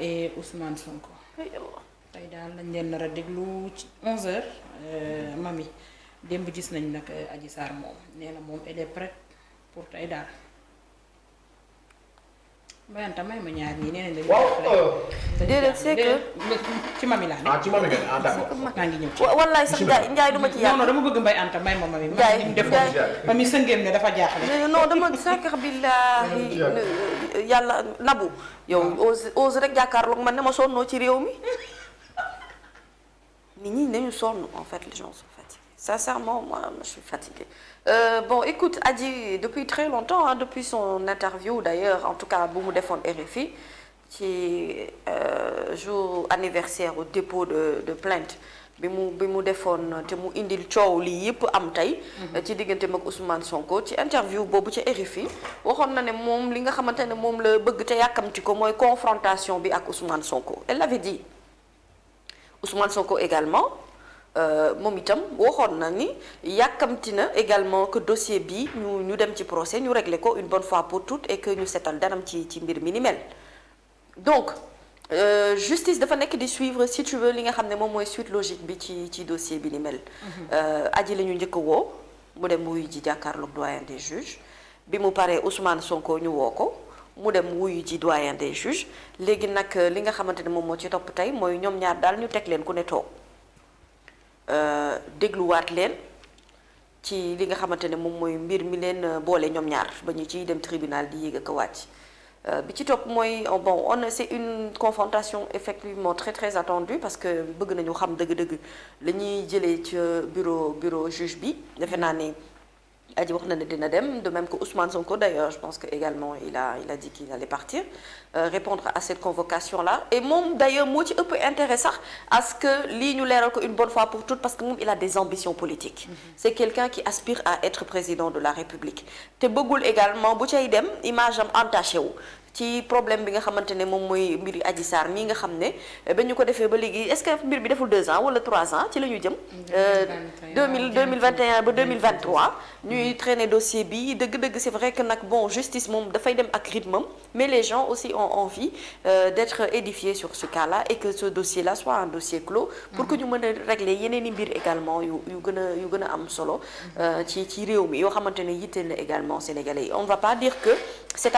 et Ousmane Sonko. tey daal lañ leen nar a déglu ci 11h euh, mami démb gis nañ nag euh, aji saar moom nee na moom elle est prête pour tey daal. Bayanta may ma ñaar ñii nee nañ euh, la. ne. Ah, ci mami nga ne ah, d'accord maa ngi ñëw ci. wallaay sax Ndiaye Ndiaye du ma ci dama bëgg Mbaye Anta may ma mami. Ndiaye Ndiaye ma mi sëngéem ne dafa jaaxle. non dama sànq billaahi yàlla nabu yow ah. ose ose rek jàkkaarloog man ne ma sonnoo ci réew mi nit ñi dañu sonn en fait les gens sont fatigués sincèrement moi je suis fatiguée euh, bon écoute Adji depuis très longtemps depuis son interview d'ailleurs en tout cas bu mu defoon RFI ci euh, jour anniversaire au dépôt de de plainte bi mu bi mu defoon te mu indil coow lii yëpp am tey. Mhm. ci diggante mag Ousmane Sonko ci interview boobu ci RFI waxoon na ne moom li nga xamante ne moom la bëgg te yàkkamti ko mooy confrontation bi ak Ousmane Sonko elle l'avait dit Ousmane Sonko également. Euh, moom itam waxoon na ni yàkkamti na également que dossier bi ñu ñu dem ci procès ñu régler ko une bonne fois pour toutes et ñu setal daram ci ci mbir mi ni donc Euh, justice dafa nekk di suivre si tu li nga xam ne moom mooy suite logique bi ci ci dossier bi ni mel. Mhm. Euh, aji la ñu njëkk a woo mu dem wuyu ji jàkkaarloog doyen des juges bi mu paree Ousmane Sonko ñu woo ko. mu dem wuyu ji doyen des léegi nag euh, li nga xamante ne moom moo ci topp tey mooy ñoom ñaar daal ñu teg leen ku ne toog dégluwaat leen ci li nga xamante ne moom mooy mbir mi leen boole ñoom ñaar ba ñu ciy dem tribunal di yéeg ak wàcc Euh, bi ci topp mooy oh, bon on c'est une confrontation effectivement très très attendue parce que bëgg nañu xam dëgg-dëgg la ñuy jëlee ci bureau bureau juge bi defe naa ne Adji wax na ne dina dem de même que Ousmane Sonko d'ailleurs je pense que également il a il a dit qu'il allait partir euh, répondre à cette convocation là et moom d'ailleurs moo ci ëpp intérêt sax à ce que lii ñu leeral ko une bonne fois pour toutes parce que moom il a des ambitions politiques mm -hmm. c'est quelqu'un qui aspire à être président de la République te bëggul également bu cay dem image am entaché wu ci problème bi nga xamante ne moom mooy mbir Adji Sarr mii nga xam ne eh, ba ñu ko defee ba léegi est mbir bi deful deux ans wala trois ans ci la jëm. Euh, et un ba deux mille vingt trois ñuy traîner dossier bi dëgg-dëgg c'est vrai que nag bon justice moom dafay dem ak rythme am mais les gens aussi ont envie euh, d'être édifiés sur ce cas-là et que ce dossier-là soit un dossier clos. pour que ñu mën régler yeneen i mbir également yu yu gën a a am solo. Euh, ci ci réew mi yoo xamante ne yitteel yi on ne va pas dire que cette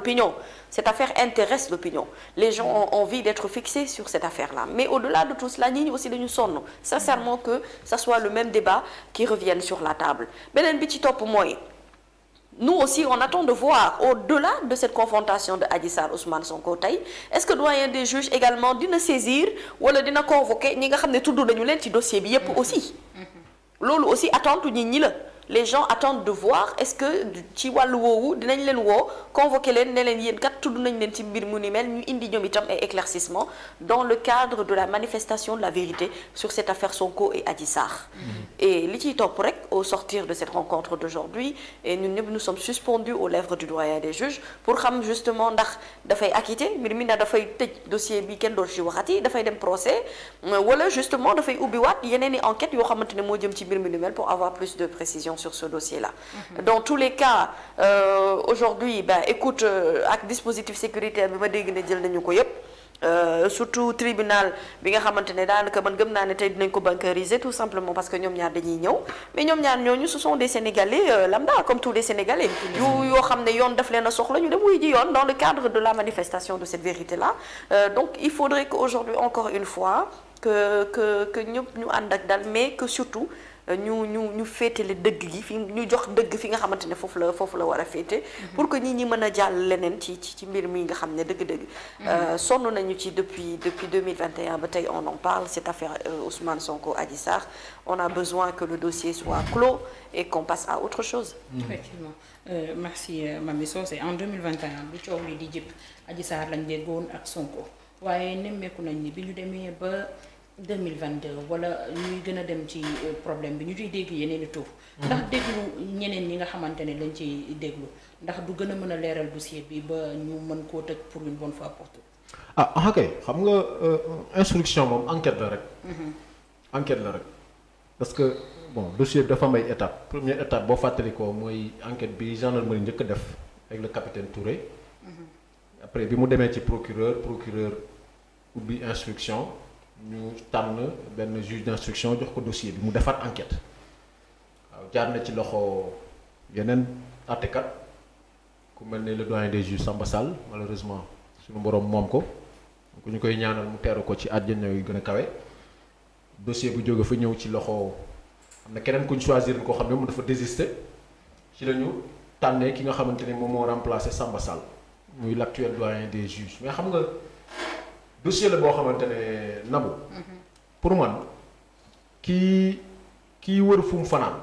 l'opinion. Cette affaire intéresse l'opinion. Les gens ont envie d'être fixés sur cette affaire-là. Mais au-delà de tout cela, ñi aussi dañu sonn sincèrement que ça soit le même débat qui revienne sur la table beneen bi ci topp mooy nous aussi on attend de voir au-delà de cette confrontation de Adji Sarr Ousmane Sonko tey est-ce que doyen des juges également dina saisir wala dina convoquer xam ne tudd nañu leen ci dossier bi yépp aussi mm-hmm. loolu les gens attendent de voir est-ce que ci wàllu woowu dinañ leen woo convoqué leen ne leen yéen kat tudd nañ leen ci mbir mu ni mel indi ñoom itam ay éclaircissement dans le cadre de la manifestation de la vérité sur cette affaire Sonko et Adji Sarr mm-hmm. et li ciy topp rek au sortir de cette rencontre d'aujourd'hui et ñun ñëpp nous sommes suspendus aux lèvres du doyen des juges pour justement ndax dafay acquitté mbir mi dafay tëj dossier bi kenn doo ci waxati dafay dem procès wala justement dafay ubbiwaat yeneen i enquêtes yoo pour avoir plus de précision sur ce dossier-là. Mm -hmm. Dans tous les cas euh, aujourd'hui ben écoute euh, ak dispositif sécuritaire bi ma dégg nañu ko yépp Euh, tribunal bi nga xamante ne daanaka man gëm naa ne tey dinañ ko bancariser tout simplement parce que ñoom ñaar dañuy ñëw mais ñoom ñaar ñooñu ce des sénégalais euh, lambda comme tous les sénégalais. yoo xam ne yoon daf leen a soxla ñu dem wuy ji yoon dans le cadre de la manifestation de cette vérité là euh, donc il faudrait que que ñu ñu ñu féetale dëgg gi fi ñu jox dëgg fi nga xamante ne foofu la foofu la war a féete mhm. pour que nit ñi mën a jàll leneen ci ci mbir mi nga xam ne dëgg-dëgg mhm. euh, sonn nañu ci depuis depuis 2021 ba tey on en parle cette affaire euh, Ousmane Sonko Adji Sarr on a besoin que le dossier soit clos et qu'on passe à autre chose mhm. effectivement euh, merci Mamy Socé en 2021 bu coow li di jëpp Adji Sarr lañ déggoon ak Sonko waaye nemmeeku nañ ni bi ñu demee ba 2022 wala ñuy gën a dem ci euh, problème bi ñu ciy dégg yeneen i tuuf. Mm-hmm. ndax déglu ñeneen ñi nga xamante ne lañ ci déglu ndax du gën a mën a leeral dossier bi ba ñu mën koo tëj pour une bon fois pour tout. Ah, ah ok xam nga euh, instruction moom enquête la rek. Mm-hmm. enquête la rek parce que bon dossier bi dafa may ay étape première étape boo fàttalikoo mooy enquête bi gendarmerie njëkk a def avec le capitaine Touré. Mm-hmm. après bi mu demee ci procureur procureur ubbi instruction. ñu tànn benn juge d'instruction jox ko dossier bi mu defar enquête waaw jaar na ci loxo yeneen àttekat ku mel ni le doyen des juges Samba Sall malheureusement sunu boroom moom ko ku ñu koy ñaanal mu teru ko ci àjjana yu gën a kawe dossier bu jóge fa ñëw ci loxo am na keneen ku ñu choisir koo xam ne mu dafa désister ci la ñu tànnee ki nga xamante ne moom moo remplacé Samba Sall muy l'actuel doyen des juges mais xam nga. dossier la boo xamante ne nabu mhm. pour man kii kii wër fu mu fanaan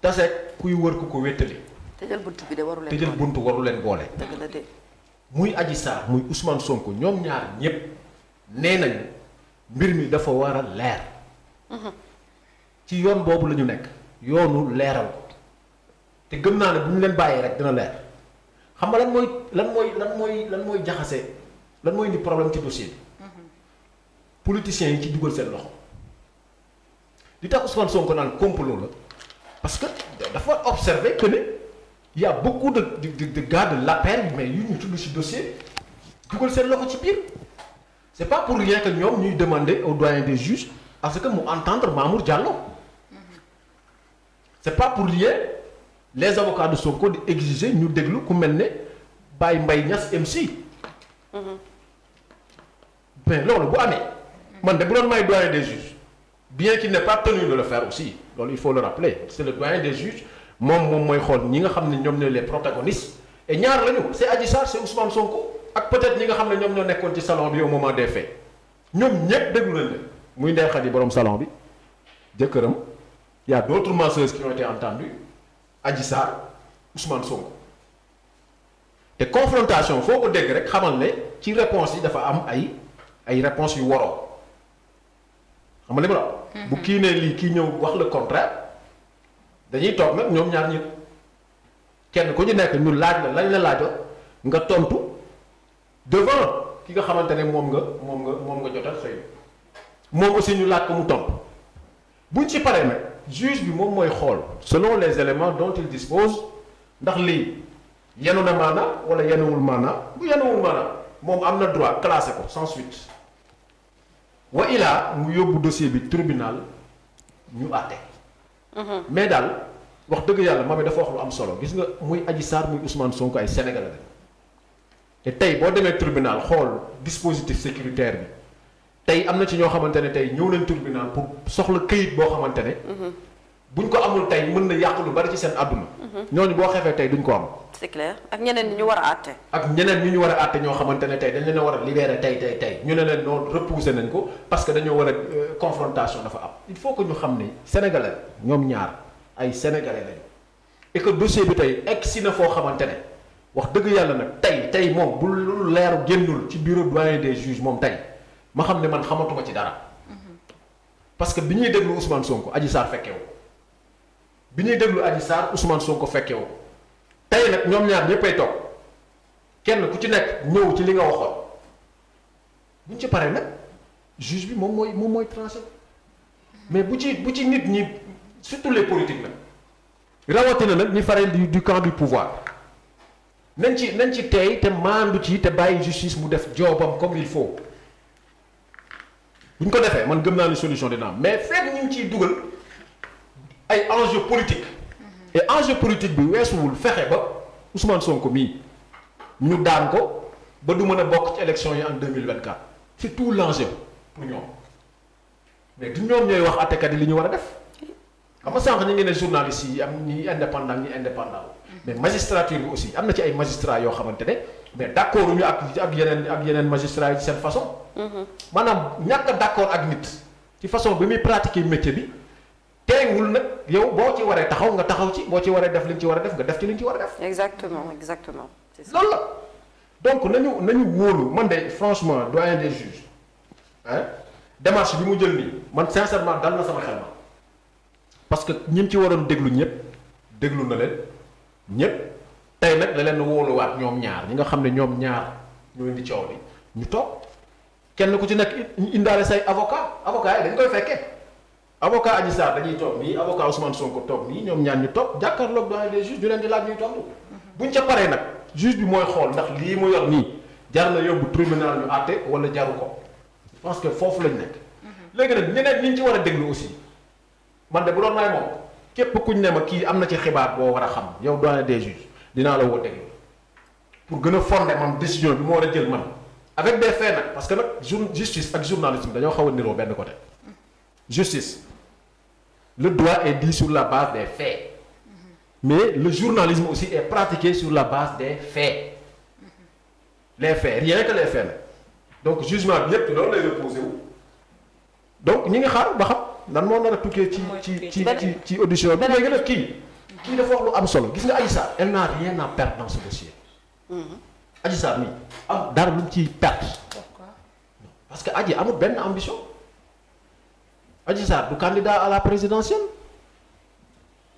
taseeg kuy wër ku ko wéttali tëjal bunt bi de waru leen boole tëjal bunt waru boole. dëgg la muy aji Sarr muy Ousmane Sonko ñoom ñaar ñëpp nee nañu mbir mi dafa war a leer. Mhm. ci yoon boobu la ñu nekk yoonu leeral te gën naa ne bu ñu leen bàyyee rek dina leer xam nga lan mooy lan mooy lan mooy lan mooy jaxase. lan moo indi problème ci dossier bi. Mhm. politiciens yi ci dugal seen loxo. li tax Ousmane Sonko naan complot la parce que dafa observer que ne y' a beaucoup de de de, de gars de l'APR mais yu ñu tudd ci dossier dugal seen loxo ci biir. c' est pas pour rien que ñoom ñuy demander au doyen des juges parce que mu entendre Mamour Diallo. Mhm. c' est pas pour rien les avocats Sonko di exiger ñu déglu ku mel ne Baye Mbaye Niass MC. Mhm. mais loolu bu amee man de bu doon may doyen des juges bien ki n'est pas tenu de le faire aussi loolu il faut le rappeler c'est le doyen des juges moom moom mooy xool ñi nga xam ne ñoom ñooy les protagonistes et ñaar lañu c'est Adji Sarr c'est Ousmane Sonko ak peut ñi nga xam ne ñoom ñoo nekkoon ci salon bi au moment des faits ñoom ñëpp déglu nañ muy Ndeye Khady boroom salon bi jëkkëram yaa a d'autres masseuses qui ont été entendues Adji Sarr Ousmane te confrontation foo ko dégg rek xamal ne ci réponse yi dafa am ay. ay réponses yu waroo xam nga li ma mhm. bu kii nee lii kii ñëw wax la contraire dañuy toog nag ñoom ñaar ñi kenn ku ci nekk ñu laaj la lañ la laajoo nga tontu devant ki nga xamante ne moom nga moom nga moom nga jotal xëy moom aussi ñu laaj ko mu tontu buñ ci paree nag juge bi moom mooy xool selon les éléments dont il dispose ndax lii yenu na maanaa wala yenuwul maanaa bu yenuwul maanaa moom am na droit classé ko sans suite wa ilaa mu yóbbu dossier bi tribunal ñu àtte. Mhm. mais daal wax dëgg yàlla Mamy dafa wax lu am solo gis nga muy Adji Sarr muy Ousmane Sonko ay sénégal lañ te tey boo demee tribunal xool dispositif sécuritaire bi tey am na ci ñoo xamante ne tey ñëw leen tribunal pour soxla këyit boo xamante ne. Mhm. buñ ko amul tey mën na yàq lu bari ci seen àdduna. Mhm. ñooñu boo xefee tey duñ ko am. c'est clair ak ñeneen ñi ñu war a àtte. ak ñeneen ñi ñu war a àtte ñoo xamante ne tey dañ leen war a libérer tey tey ñu ne leen noonu repousser nañ ko parce que dañoo war a euh, confrontation dafa am. il faut que ñu xam ni sénégalais ñoom ñaar ay sénégalais lañu et que dossier bi tey egg si na foo xamante ne wax dëgg yàlla nag tey tey moom bu lu leeru génnul ci bureau doyen des juges moom tey ma xam ne man xamatuma ci dara. Mhm. parce que bi ñuy déglu Ousmane Sonko Adji Sarr fekkewu bi ñuy déglu Adji Sarr Ousmane Sonko fekke wu tey nag ñoom ñaar ñëppay toog kenn ku ci nekk ñëw ci li nga waxoon buñ ci paree nag juge bi moom mooy moom mooy tranché mais bu ci bu ci nit ñi surtout les politiques nag rawatina nag ñi faral di du camp du pouvoir nañ ci nañ ci tey te maandu ci te bàyyi justice mu def joobam comme il faut buñ ko defee man gëm naa ni solution dina naa mais fekk ñu ngi ciy dugal. ay enjeu politique. Mhm. et enjeu politique bi weesuwul fexe ba Ousmane Sonko mii ñu daan ko ba du mën a bokk ci élection yi en deux mille vingt quatre c'est tout l'enjeu pour ñoom mais du ñoom ñooy wax àttekat yi li ñu war a def xam nga sànq ñu ngi ne journaliste yi am ñi indépendant ñi indépendant mhm. mais magistrature bi aussi am na ci ay magistrats yoo xamante ne mais d'accord ñu ak ak yeneen ak yeneen magistrats yi ci seen façon. Mhm. maanaam ñàkk d'accord ak nit ci façon bi muy pratiquer métier bi. teewul nag yow boo ci waree taxaw nga taxaw ci boo ci waree def li ci war a def nga def ci li nga ci war a def. exactement exactement. c'est ça loolu donc nañu nañu wóolu man de franchement doyen des juges ah bi mu jël nii man sincèrement dal na sama xel ma parce que ñi ci waroon déglu ñëpp déglu na leen ñëpp tey nag la leen wóoluwaat ñoom ñaar ñi nga xam ne ñoom ñaar ñoo indi coow li ñu toog kenn ku ci nekk indaale say avocat avocat yi dañ koy fekkee. avocat Adji Sarr dañuy toog nii avocat Ousmane Sonko toog nii ñoom ñaan ñu toog jàkkaarloog doyen des juges ñu leen di laaj ñuy tontu mhm. buñ ca paree nag juge bi mooy xool ndax lii mu yor nii jar na yóbbu tribunal ñu àtte wala jaru ko je pense foofu lañ nekk. Mhm. léegi nag ñi ñu ci war a déglu aussi man de bu doon may moom képp ne ma kii am na ci xibaar boo war a xam yow doyen des juges dinaa la woo déglu pour gën a fonder man décision bi ma war a jël man avec des faits nag parce que nag jour justice ak journalisme dañoo xaw a niroo benn côté mhm. justice. le droit et dit sur la base des faits. Mais le journalisme aussi et pratiqué sur la base des faits. Les faits, rien que les faits la donc jugement bi yépp loolu lay reposé donc ñi ngi xaar ba xam lan moo nar a tukkee ci ci ci ci ci audition bi. léegi nag kii kii dafa wax lu am solo gis nga Adji Sarr n'a rien à perdre dans ce dossier. Mm-hmm. Adji Sarr nii am dara lu mu ciy parce que Adji amul benn ambition. Adji Sarr du candidat à la présidentielle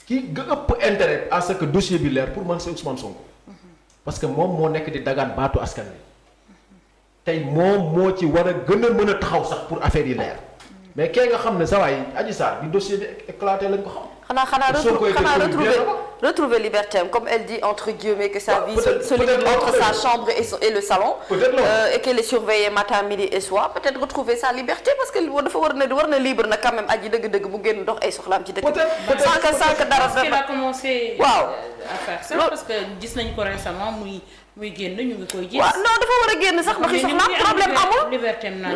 ki nga ëpp intérêt à ce que dossier bi leer pour man c'est Ousmane Sonko parce que moom moo nekk di dagaan baatu askan wi tey moom moo ci war a gën a mën a taxaw sax pour affaire yi leer mais kee nga xam ne sa waay Adji Sarr bi dossier bi lañ ko xam. xanaa xanaa retrouver retrouver liberté comme elle dit entre guillemets que sa vie se entre sa chambre et, le salon euh, et qu'elle est surveillée matin midi et soir peut-être retrouver sa liberté parce que dafa war libre na quand même aji dëgg-dëgg mu génn dox ay soxlaam sans que sans que dara que gis nañ ko récemment muy génn ñu ngi koy gis. waaw dafa war a génn sax ndax i soxnaam problème amul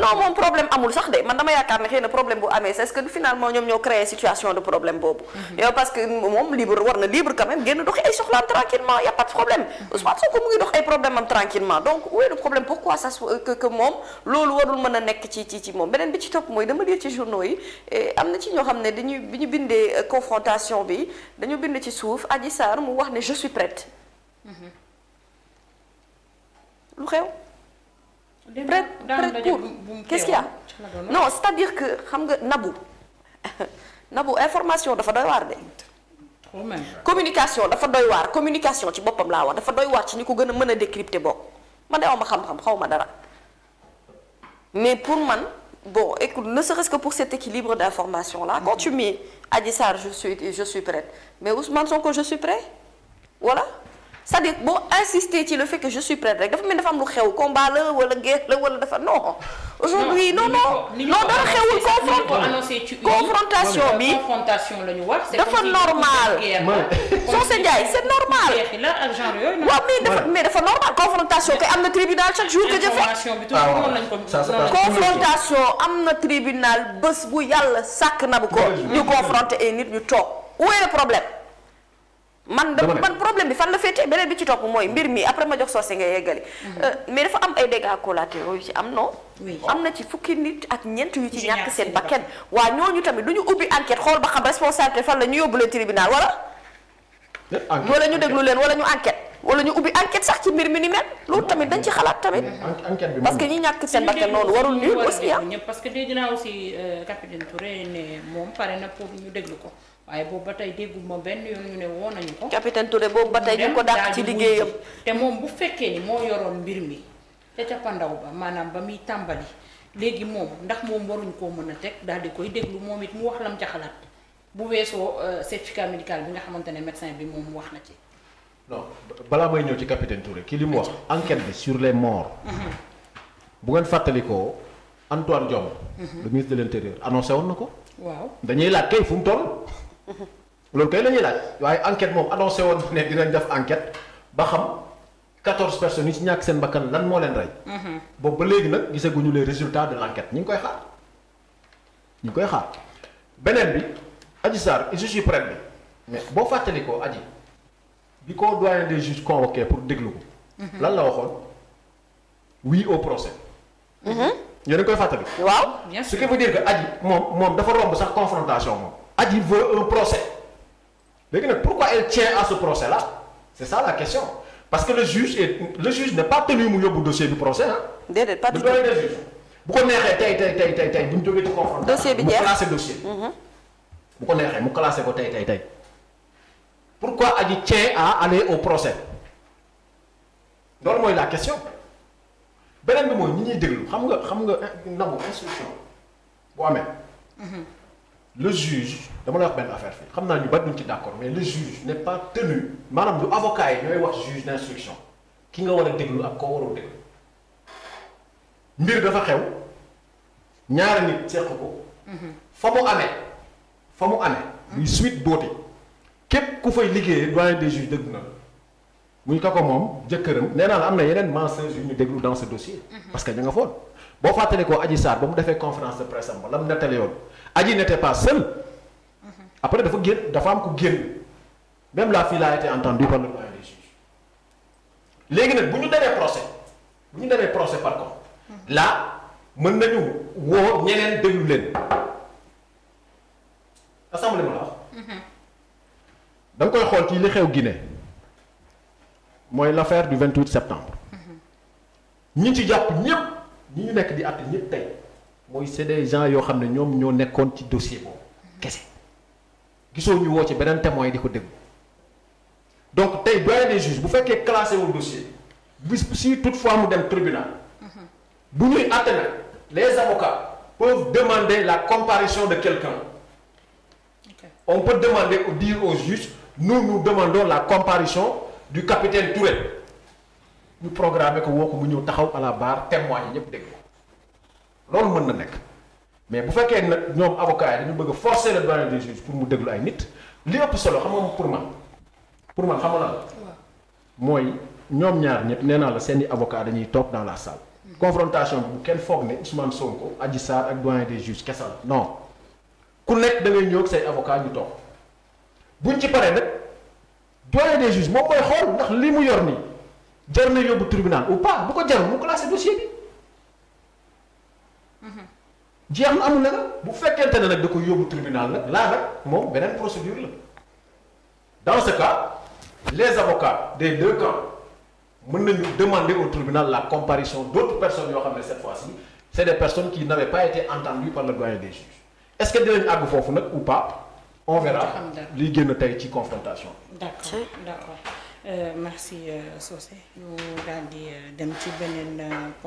non moom problème amul sax de man dama yaakaar ne xëy problème bu amee c'est que finalement ñoom ñoo créé situation de problème boobu mhm. yow parce mhm. que moom loolu warul mën a nekk ci ci ci moom beneen bi ci topp mooy dama lire ci journaux yi am na ci ñoo xam ne dañuy bi ñu bindee confrontation bi dañu bind ci suuf Adji Sarr mu wax ne je prête mhm. lu xew. prêt prêt pour qu'est-ce qu'il a non c'est-à-dire que xam nga nabu nabu information dafa doy waar de. communication dafa doy waar communication ci boppam laa wax dafa doy waar ci ñu ko gën a mën a décrypter bokk man de aw ma xam-xam xaw ma dara mais pour man bon écoute ne serait-ce que pour cet équilibre d'information là quand tu mets Adji Sarr je suis je suis prête mais Ousmane Sonko je suis prêt voilà. sa dire boo insister ci le fait que je suis prête dafa mel dafa am lu xew combat la wala guerre la wala dafa non. aujourd'hui non non non dara xewul confrontation confrontation bi confrontation la ñu wax dafa normal Socé Ndiaye c'est normal waaw mais dafa mais dafa normal confrontation kay am na tribunal chaque jour que jëfe ah, confrontation am na tribunal bés bu yàlla sàkk na bu ko ñu confronter ay nit ñu toog où est problème man dama man problème bi fan la féetee beneen bi ci topp mooy mbir mi après ma jox soose nga yeggali. Mhm. Euh, mais dafa am ay dégâts collatéraux yu ci am non. am na ci fukki nit ak ñeent yu ci ñàkk seen bakkan waa ñooñu tamit du ubbi enquête xool ba xam responsabilité fan la ñu yóbbu leen tribunal wala. wala ñu déglu leen wala ñu enquête. wala ñu ubbi enquête sax ci mbir mi ni mel loolu tamit dañ ci xalaat tamit. parce que ñi ñàkk seen bakkan noonu warul ñuy aussi ah. parce que dégg naa euh, moom pare na pour ñu déglu ko. waaye boobu ba tey déggu ma benn yoon ñu ne woo nañu ko. capitaine Touré boobu ba tey ñu ko dàq ci liggéeyam te moom bu fekkee ni moo yoroon mbir mi te cappandaw ba maanaam ba muy tàmbali léegi moom ndax moom waruñ koo mën a teg daal di koy déglu moom it mu wax lam ca xalaat bu weesoo euh, certificat médical bi nga xamante ne médecin bi moom wax na ci. non balaa may ñëw ci capitaine Touré kii li mu wax enquête bi sur les morts. Mm-hmm. bu ngeen fàttalikoo Antoine Diome. Mm-hmm. le ministre de l' intérieur annoncé na ko. waaw loolu kay la ñuy laaj waaye enquête moom annoncé woon ne dinañ def enquête ba xam quatorze personne yi ci ñàkk seen bakkan lan moo leen rey. Mhm. boobu ba léegi nag gisaguñu les résultats de l' enquête ñu ngi koy xaar ñu ngi koy xaar beneen bi Adji Sarr je suis prêt bi mais boo fàttali ko Adji bi ko doyen des juges convoqué pour déglu ko. Mhm. lan la waxoon oui au procès. Mhm. yéen a ngi koy fàttali. waaw bien sûr ce qui veut moom moom dafa romb sax confrontation moom. Adji veut un procès léegi nag pourquoi elle tient à ce procès la c'est ça la question parce que le juge est le juge n'est pas tenu mu yóbbu dossier bi procès ah. déedéet bu ko neexee tey tey tey bu ñu jógee ci confrontation. dossier bi jeex mu classé dossier. Mm-hmm. bu ko neexee mu classé ko tey tey tey. pourquoi Adji tient à aller au procès loolu mooy la question beneen bi mooy ñi ñuy déglu xam nga xam nga eh, nangu instruction bu amee. Mm-hmm. le juge dama lay wax benn affaire fii xam naa ñu bari duñ ci d'accord mais le juge n'est pas tenu maanaam du avocat yi ñooy wax juge d'instruction ki nga war a déglu ak koo warul déglu mbir dafa xew ñaari nit seq ko mhm. fa mu amee fa mu amee muy suite boote képp ku fay liggéeyee doyen des juges déglu na la muy ka ko moom jëkkëram nee naa la am na yeneen mensonges yu ñu déglu dans ce dossier mhm. parce que ña nga boo fàttalee ko Adji Sarr ba mu defee conférence de la mu nettali yoon Adji n'était pas seule. après dafa génn dafa am ko génn même la fille a été entendue par le doyen léegi nag bu ñu demee procès bu ñu demee procès par contre là mën nañu woo ñeneen déglu leen assemblée ma la wax koy xool ci li xew Guinée mooy l'affaire du 28 septembre ñi ci jàpp ñépp ñi ñu nekk di àtte ñépp tey mooy c'est des gens yoo xam ne ñoom ñoo nekkoon ci dossier boobu kese gisoo ñu woo ci beneen témoin di ko déglu donc tey doyen des juges bu fekkee classé wul dossier bis si toutefois mu dem tribunal bu ñuy àtte nag les avocats peuvent demander la comparision de quelqu'un okay. on peut demander ou dire au juge nous nous la comparution du capitaine Touré ñu programmer ko woo ko mu ñëw taxaw à la barre témoin yi ñëpp dégg ko loolu mën na nekk mais bu fekkee nag ñoom avocat yi dañu bëgg a forcer le doyen des pour mu déglu ay nit li ëpp solo xam nga pour man pour man xam nga la mooy ñoom ñaar ñëpp nee naa la seen i avocat dañuy toog dans la salle. Hmm. confrontation bu kenn foog ne Ousmane Sonko Adji Sarr ak doyen des juges kese la non ku nekk da ngay ñëw ak say avocat ñu toog buñ ci paree nag doyen des juges moom koy xool ndax li mu yor nii jar na yóbbu tribunal ou pas bu ko jarul mu jeex na amul nag bu fekkente ne nag da ko yóbbu tribunal nag laa nag moom beneen procédure la dans ce cas les avocats des deux camps mën nañu demander au tribunal la comparution d' autres personnes yoo xam ne cette fois-ci c' est des personnes qui n'avaient pas été entendues par le doyen des juges est que dinañ àgg foofu nag ou pas on verra liy génn tey ci confrontation bi. d' accord d'